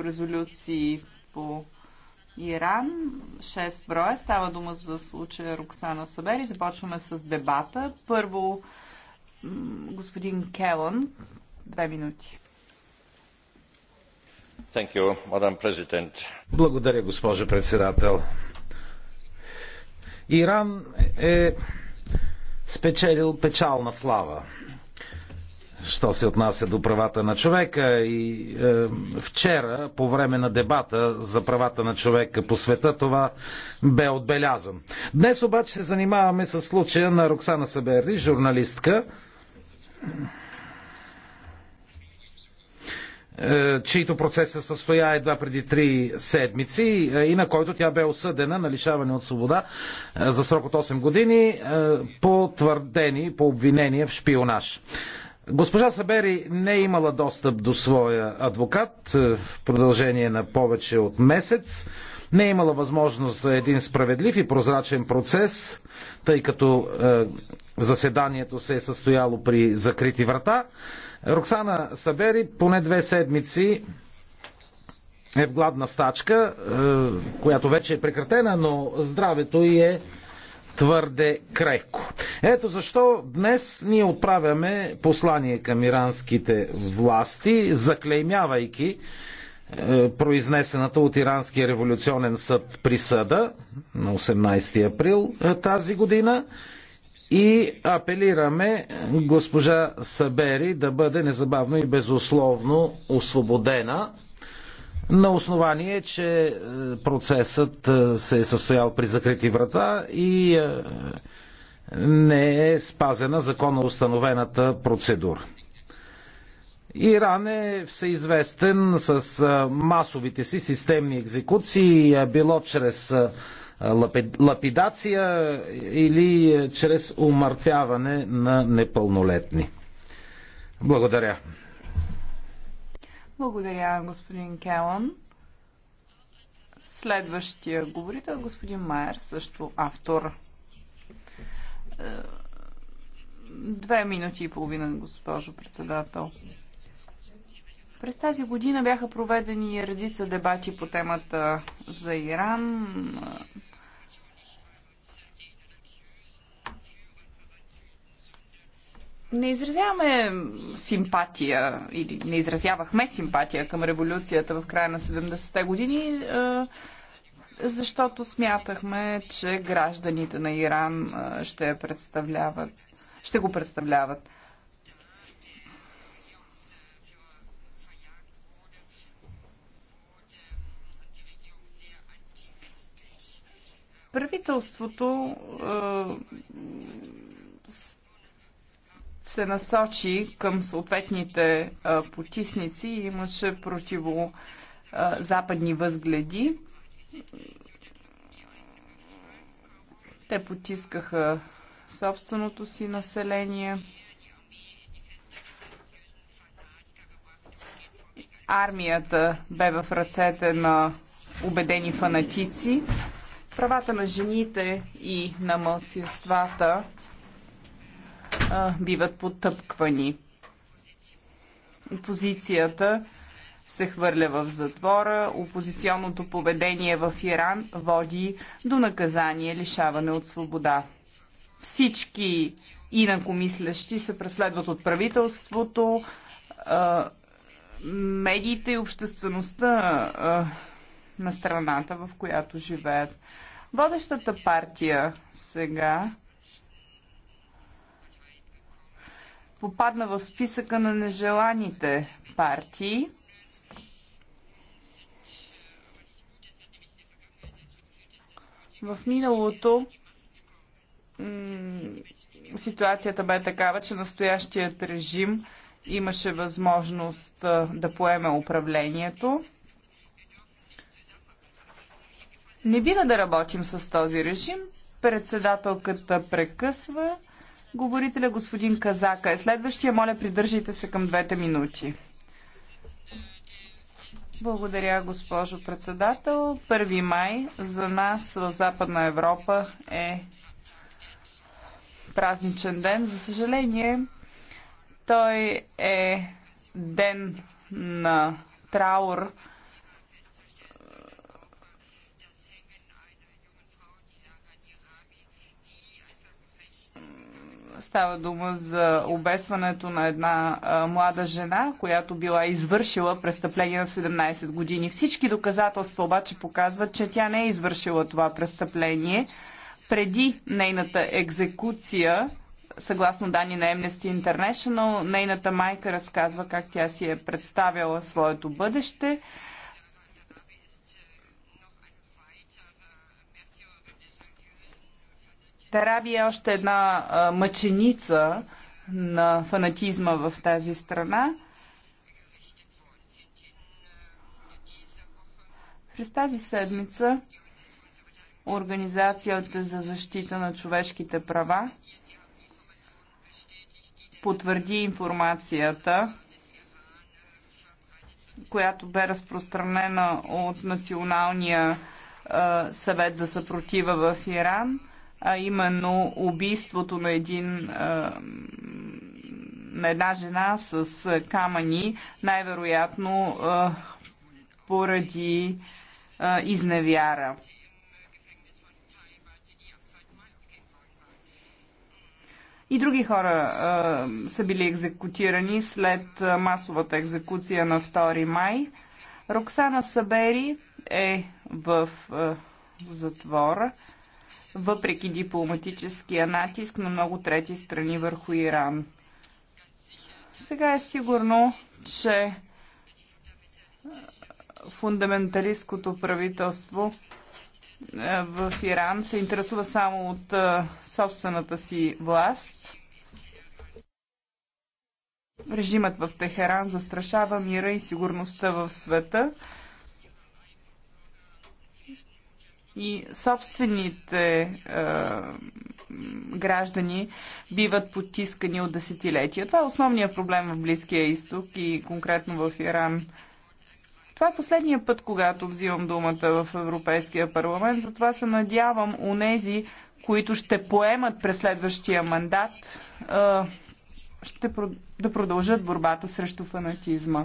резолюции по Иран. Шест броя. Става дума за случая Роксана Сабери. Започваме с дебата. Първо господин Келън. Две минути. You, Благодаря, госпожо председател. Иран е спечелил печална слава що се отнася до правата на човека. И е, вчера, по време на дебата за правата на човека по света, това бе отбелязан. Днес обаче се занимаваме с случая на Роксана Сабери, журналистка, е, чието процес се състоя едва преди три седмици е, и на който тя бе осъдена на лишаване от свобода е, за срок от 8 години е, по твърдени, по обвинения в шпионаж. Госпожа Сабери не е имала достъп до своя адвокат е, в продължение на повече от месец. Не е имала възможност за един справедлив и прозрачен процес, тъй като е, заседанието се е състояло при закрити врата. Роксана Сабери поне две седмици е в гладна стачка, е, която вече е прекратена, но здравето й е твърде крехко. Ето защо днес ние отправяме послание към иранските власти, заклеймявайки е, произнесената от Иранския революционен съд присъда на 18 април е, тази година и апелираме е, госпожа Сабери да бъде незабавно и безусловно освободена на основание, че е, процесът е, се е състоял при закрити врата и е, не е спазена законоустановената процедура. Иран е всеизвестен с масовите си системни екзекуции, било чрез лапидация или чрез умъртвяване на непълнолетни. Благодаря. Благодаря, господин Келън. Следващия говорител, е господин Майер, също автор. Е, две минути и половина, госпожо председател. През тази година бяха проведени редица дебати по темата за Иран. не изразяваме симпатия или не изразявахме симпатия към революцията в края на 70-те години, е, защото смятахме, че гражданите на Иран е, ще, представляват, ще го представляват. Правителството е, се насочи към съответните а, потисници и имаше противозападни възгледи. Те потискаха собственото си население. Армията бе в ръцете на убедени фанатици. Правата на жените и на мълцинствата а, биват потъпквани. Опозицията се хвърля в затвора, опозиционното поведение в Иран води до наказание лишаване от свобода. Всички инакомислящи се преследват от правителството, а, медиите и обществеността а, на страната, в която живеят. Водещата партия сега попадна в списъка на нежеланите партии. В миналото ситуацията бе такава, че настоящият режим имаше възможност да поеме управлението. Не бива да работим с този режим. Председателката прекъсва. Говорителя господин Казака е следващия. Моля, придържайте се към двете минути. Благодаря, госпожо председател. 1 май за нас в Западна Европа е празничен ден. За съжаление, той е ден на траур Става дума за обесването на една а, млада жена, която била извършила престъпление на 17 години. Всички доказателства обаче показват, че тя не е извършила това престъпление. Преди нейната екзекуция, съгласно данни на Amnesty International, нейната майка разказва как тя си е представяла своето бъдеще Тараби е още една мъченица на фанатизма в тази страна. През тази седмица Организацията за защита на човешките права потвърди информацията, която бе разпространена от Националния съвет за съпротива в Иран – а именно убийството на един на една жена с камъни, най-вероятно поради изневяра. И други хора а, са били екзекутирани след масовата екзекуция на 2 май. Роксана Сабери е в а, затвора въпреки дипломатическия натиск на много трети страни върху Иран. Сега е сигурно, че фундаменталистското правителство е, в Иран се интересува само от е, собствената си власт. Режимът в Техеран застрашава мира и сигурността в света. и собствените е, граждани биват потискани от десетилетия. Това е основният проблем в Близкия изток и конкретно в Иран. Това е последния път, когато взимам думата в Европейския парламент, затова се надявам у нези, които ще поемат през следващия мандат, е, ще, да продължат борбата срещу фанатизма.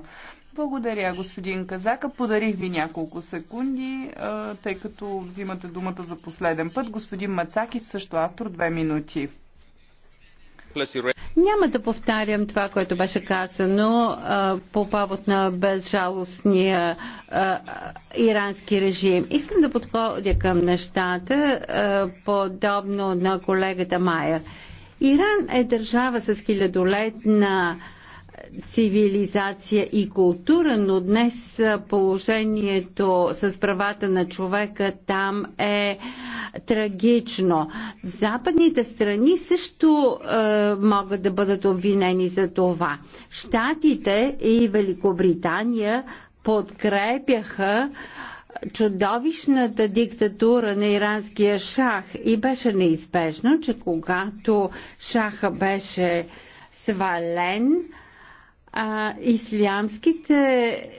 Благодаря, господин Казака. Подарих ви няколко секунди, тъй като взимате думата за последен път. Господин Мацаки, също автор, две минути. Няма да повтарям това, което беше казано а, по повод на безжалостния а, ирански режим. Искам да подходя към нещата, а, подобно на колегата Майер. Иран е държава с хилядолетна а, цивилизация и култура, но днес положението с правата на човека там е трагично. Западните страни също е, могат да бъдат обвинени за това. Штатите и Великобритания подкрепяха чудовищната диктатура на иранския шах и беше неизбежно, че когато шаха беше свален, а, ислямските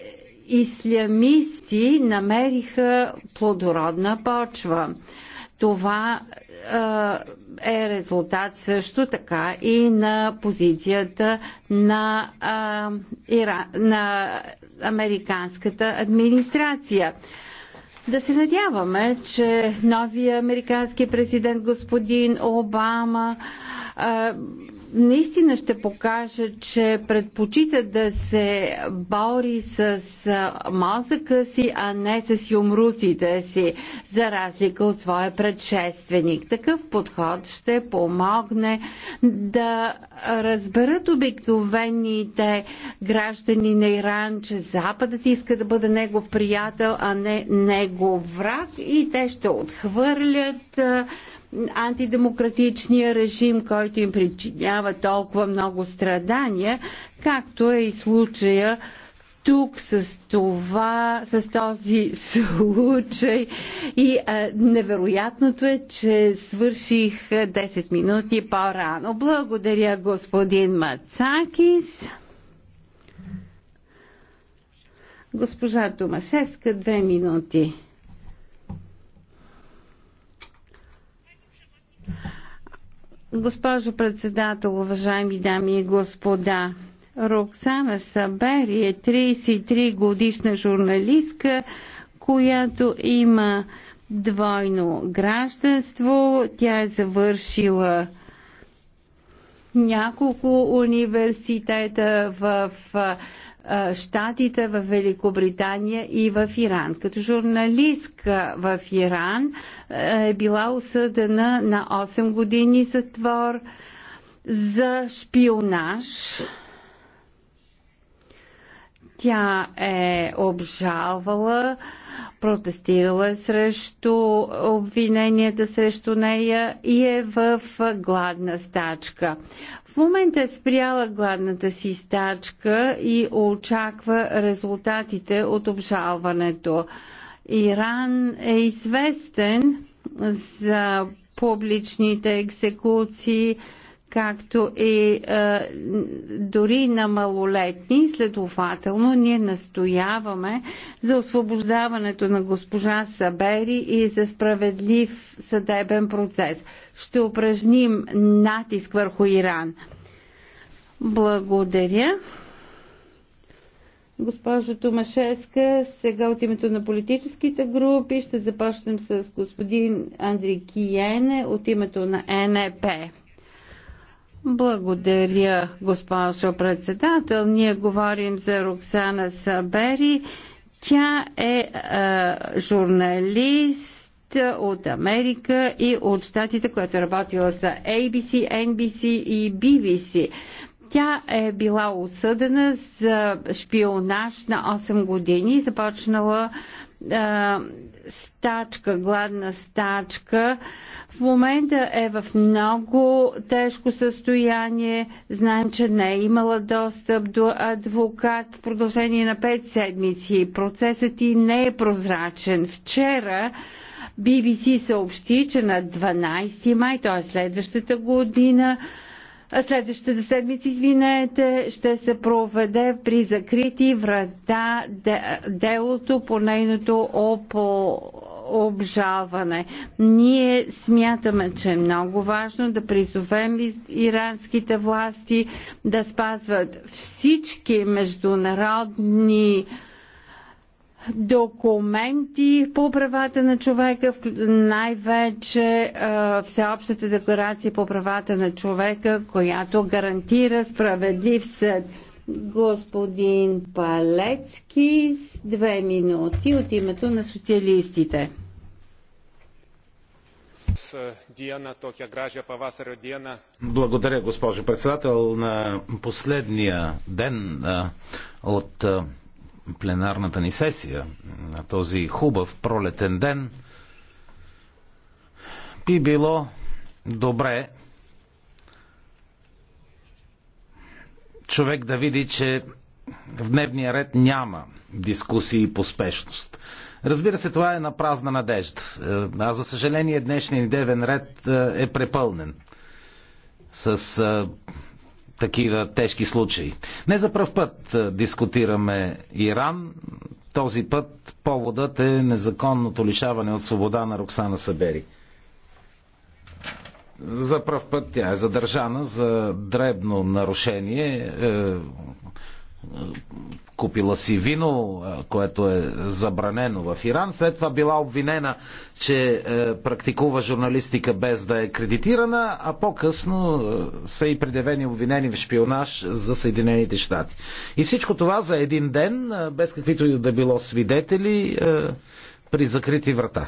ислямисти намериха плодородна почва. Това е резултат също така и на позицията на, а, Ира, на американската администрация. Да се надяваме, че новия американски президент господин Обама а, наистина ще покаже, че предпочита да се бори с мозъка си, а не с юмруците си, за разлика от своя предшественик. Такъв подход ще помогне да разберат обикновените граждани на Иран, че Западът иска да бъде негов приятел, а не негов враг и те ще отхвърлят антидемократичния режим, който им причинява толкова много страдания, както е и случая тук с това, с този случай. И а, невероятното е, че свърших 10 минути по-рано. Благодаря господин Мацакис. Госпожа Томашевска, две минути. Госпожо председател, уважаеми дами и господа, Роксана Сабери е 33 годишна журналистка, която има двойно гражданство. Тя е завършила няколко университета в Штатите в Великобритания и в Иран. Като журналистка в Иран е била осъдена на 8 години затвор за шпионаж тя е обжалвала, протестирала срещу обвиненията срещу нея и е в гладна стачка. В момента е спряла гладната си стачка и очаква резултатите от обжалването. Иран е известен за публичните екзекуции, както и е, дори на малолетни. Следователно, ние настояваме за освобождаването на госпожа Сабери и за справедлив съдебен процес. Ще упражним натиск върху Иран. Благодаря. Госпожо Томашевска, сега от името на политическите групи ще започнем с господин Андрей Киене от името на НЕП. Благодаря, госпожо председател. Ние говорим за Роксана Сабери. Тя е, е журналист от Америка и от щатите, която е работила за ABC, NBC и BBC. Тя е била осъдена за шпионаж на 8 години и започнала е, стачка, гладна стачка. В момента е в много тежко състояние. Знаем, че не е имала достъп до адвокат в продължение на 5 седмици. Процесът и не е прозрачен. Вчера BBC съобщи, че на 12 май, т.е. следващата година, Следващата седмица, извинете, ще се проведе при закрити врата делото по нейното опо обжалване. Ние смятаме, че е много важно да призовем иранските власти да спазват всички международни документи по правата на човека, най-вече Всеобщата декларация по правата на човека, която гарантира справедлив съд. Господин Палецки с две минути от името на социалистите. Благодаря, госпожо председател. На последния ден от пленарната ни сесия на този хубав пролетен ден, би било добре човек да види, че в дневния ред няма дискусии по спешност. Разбира се, това е на празна надежда. Е, а за съжаление, днешния дневен ред е, е препълнен с е, такива тежки случаи. Не за пръв път дискутираме Иран. Този път поводът е незаконното лишаване от свобода на Роксана Сабери. За пръв път тя е задържана за дребно нарушение, е, купила си вино, което е забранено в Иран. След това била обвинена, че е, практикува журналистика без да е кредитирана, а по-късно е, са и предявени обвинени в шпионаж за Съединените щати. И всичко това за един ден, е, без каквито и да било свидетели, при закрити врата.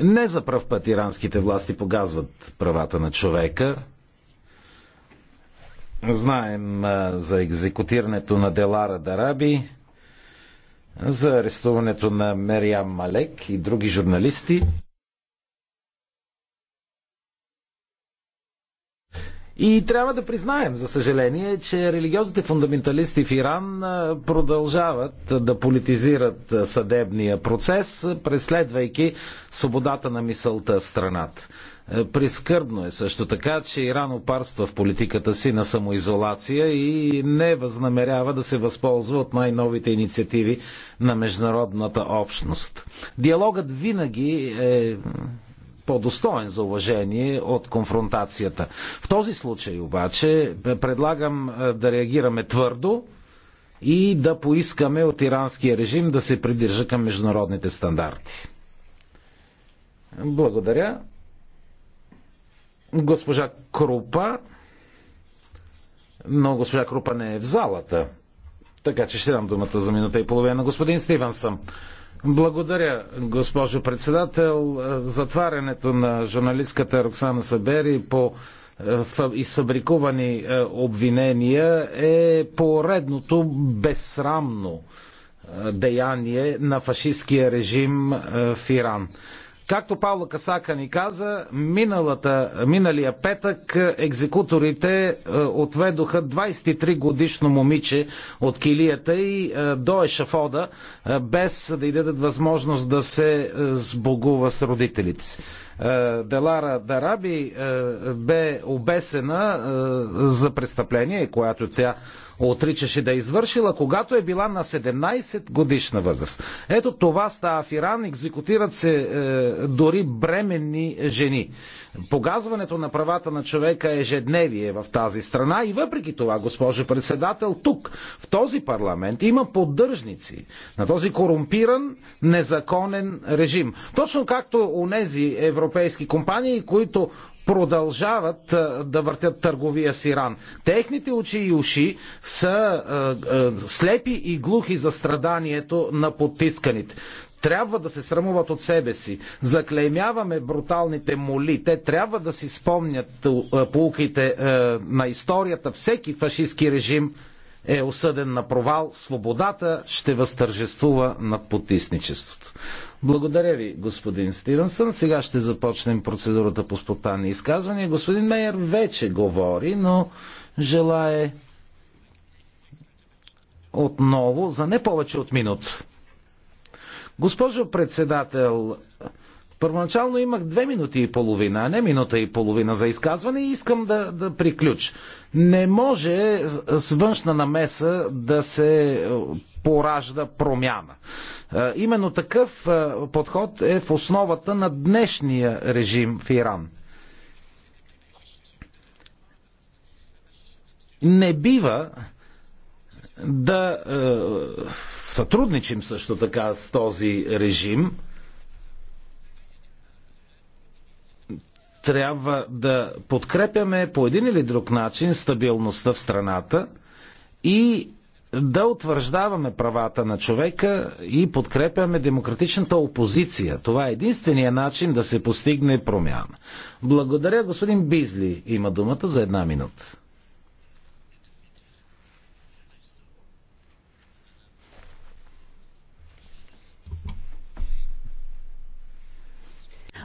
Не за пръв път иранските власти погазват правата на човека – Знаем за екзекутирането на Делара Дараби, за арестуването на Мериам Малек и други журналисти. И трябва да признаем, за съжаление, че религиозните фундаменталисти в Иран продължават да политизират съдебния процес, преследвайки свободата на мисълта в страната. Е, прискърбно е също така, че Иран опарства в политиката си на самоизолация и не възнамерява да се възползва от най-новите инициативи на международната общност. Диалогът винаги е по-достоен за уважение от конфронтацията. В този случай обаче предлагам е, да реагираме твърдо и да поискаме от иранския режим да се придържа към международните стандарти. Благодаря госпожа Крупа, но госпожа Крупа не е в залата. Така че ще дам думата за минута и половина на господин Стивенсън. Благодаря, госпожо председател. Затварянето на журналистката Роксана Сабери по е, изфабрикувани е, обвинения е поредното безсрамно е, деяние на фашистския режим в Иран. Както Павла Касака ни каза, миналата, миналия петък е, екзекуторите е, отведоха 23 годишно момиче от килията и е, до ешафода, без да й дадат възможност да се сбогува с родителите си. Делара Дараби бе обесена за престъпление, което тя отричаше да е извършила, когато е била на 17 годишна възраст. Ето това става в Иран, екзекутират се е, дори бременни жени. Погазването на правата на човека е ежедневие в тази страна и въпреки това, госпожо председател, тук, в този парламент, има поддържници на този корумпиран, незаконен режим. Точно както у нези европейски компании, които продължават е, да въртят търговия с Иран. Техните очи и уши са слепи и глухи за страданието на потисканите. Трябва да се срамуват от себе си. Заклеймяваме бруталните моли. Те трябва да си спомнят полуките на историята. Всеки фашистски режим е осъден на провал. Свободата ще възтържествува над потисничеството. Благодаря ви, господин Стивенсън. Сега ще започнем процедурата по спонтанни изказвания. Господин Мейер вече говори, но желае отново за не повече от минут. Госпожо председател, първоначално имах две минути и половина, а не минута и половина за изказване и искам да, да приключ. Не може с външна намеса да се е, поражда промяна. Е, именно такъв е, подход е в основата на днешния режим в Иран. Не бива да е, сътрудничим също така с този режим. Трябва да подкрепяме по един или друг начин стабилността в страната и да утвърждаваме правата на човека и подкрепяме демократичната опозиция. Това е единствения начин да се постигне промяна. Благодаря, господин Бизли. Има думата за една минута.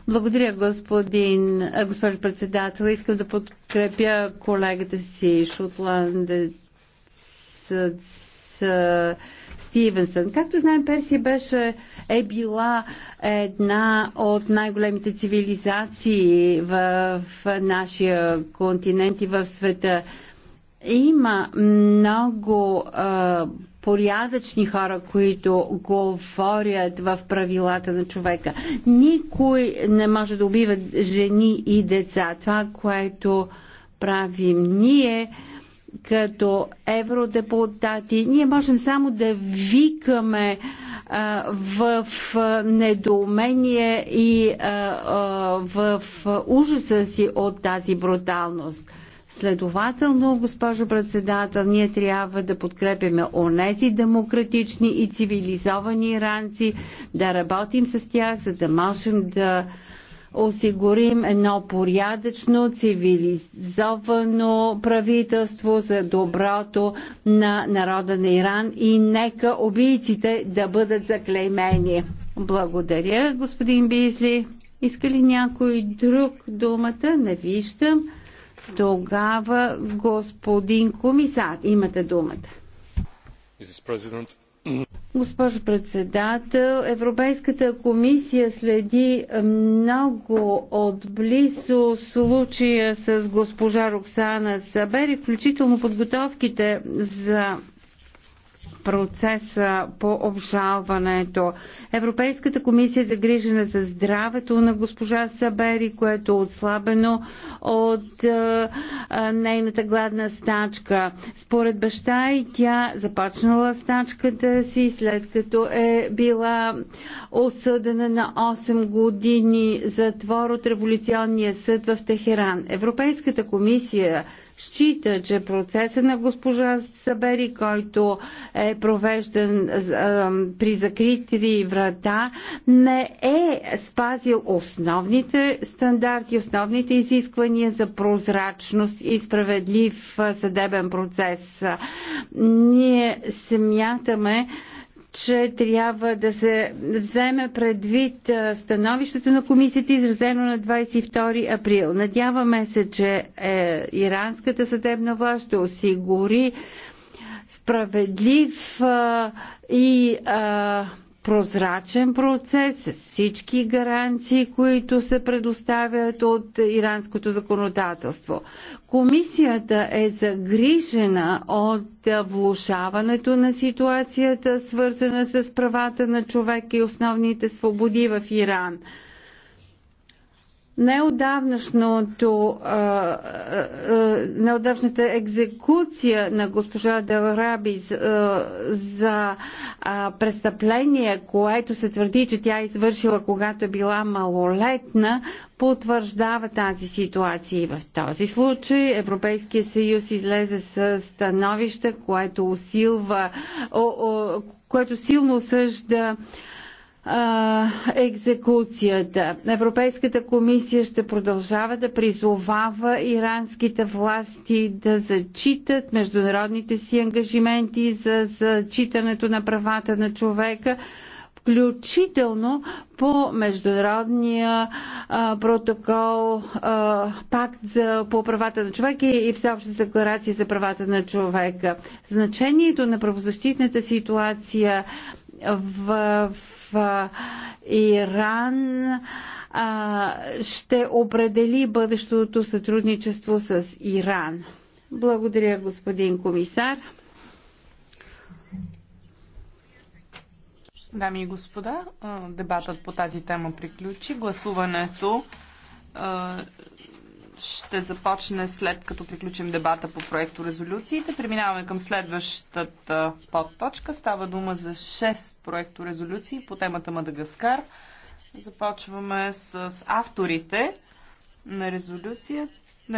Благодаря, господин, госпожо председател. Искам да подкрепя колегата си шотландец Стивенсън. Както знаем, Персия беше, е била една от най-големите цивилизации в, в нашия континент и в света. Има много а, порядъчни хора, които говорят в правилата на човека. Никой не може да убива жени и деца. Това, което правим ние като евродепутати, ние можем само да викаме в недоумение и в ужаса си от тази бруталност. Следователно, госпожо председател, ние трябва да подкрепяме онези демократични и цивилизовани иранци, да работим с тях, за да можем да осигурим едно порядъчно, цивилизовано правителство за доброто на народа на Иран и нека убийците да бъдат заклеймени. Благодаря, господин Бизли. Иска ли някой друг думата? Не виждам. Тогава, господин комисар, имате думата. Госпожо председател, Европейската комисия следи много отблизо случая с госпожа Роксана Сабери, включително подготовките за процеса по обжалването. Европейската комисия е загрижена за здравето на госпожа Сабери, което е отслабено от а, е, а, е, нейната гладна стачка. Според баща и тя започнала стачката си след като е била осъдена на 8 години затвор от Революционния съд в Техеран. Европейската комисия счита, че процеса на госпожа Сабери, който е провеждан при закрити врата, не е спазил основните стандарти, основните изисквания за прозрачност и справедлив съдебен процес. Ние смятаме, че трябва да се вземе предвид становището на комисията, изразено на 22 април. Надяваме се, че е, иранската съдебна власт ще осигури справедлив а, и а, прозрачен процес с всички гаранции, които се предоставят от иранското законодателство. Комисията е загрижена от влушаването на ситуацията, свързана с правата на човека и основните свободи в Иран неодавнашната екзекуция на госпожа Делараби за, за престъпление, което се твърди, че тя е извършила, когато е била малолетна, потвърждава тази ситуация. И в този случай Европейския съюз излезе с становище, което усилва, което силно осъжда екзекуцията. Европейската комисия ще продължава да призовава иранските власти да зачитат международните си ангажименти за зачитането на правата на човека включително по международния а, протокол, а, пакт за, по правата на човека и, и всеобща декларация за правата на човека. Значението на правозащитната ситуация в, в Иран а, ще определи бъдещото сътрудничество с Иран. Благодаря, господин комисар. Дами и господа, дебатът по тази тема приключи. Гласуването ще започне след като приключим дебата по проекто резолюциите. Преминаваме към следващата подточка. Става дума за 6 проекто резолюции по темата Мадагаскар. Започваме с авторите на резолюцията.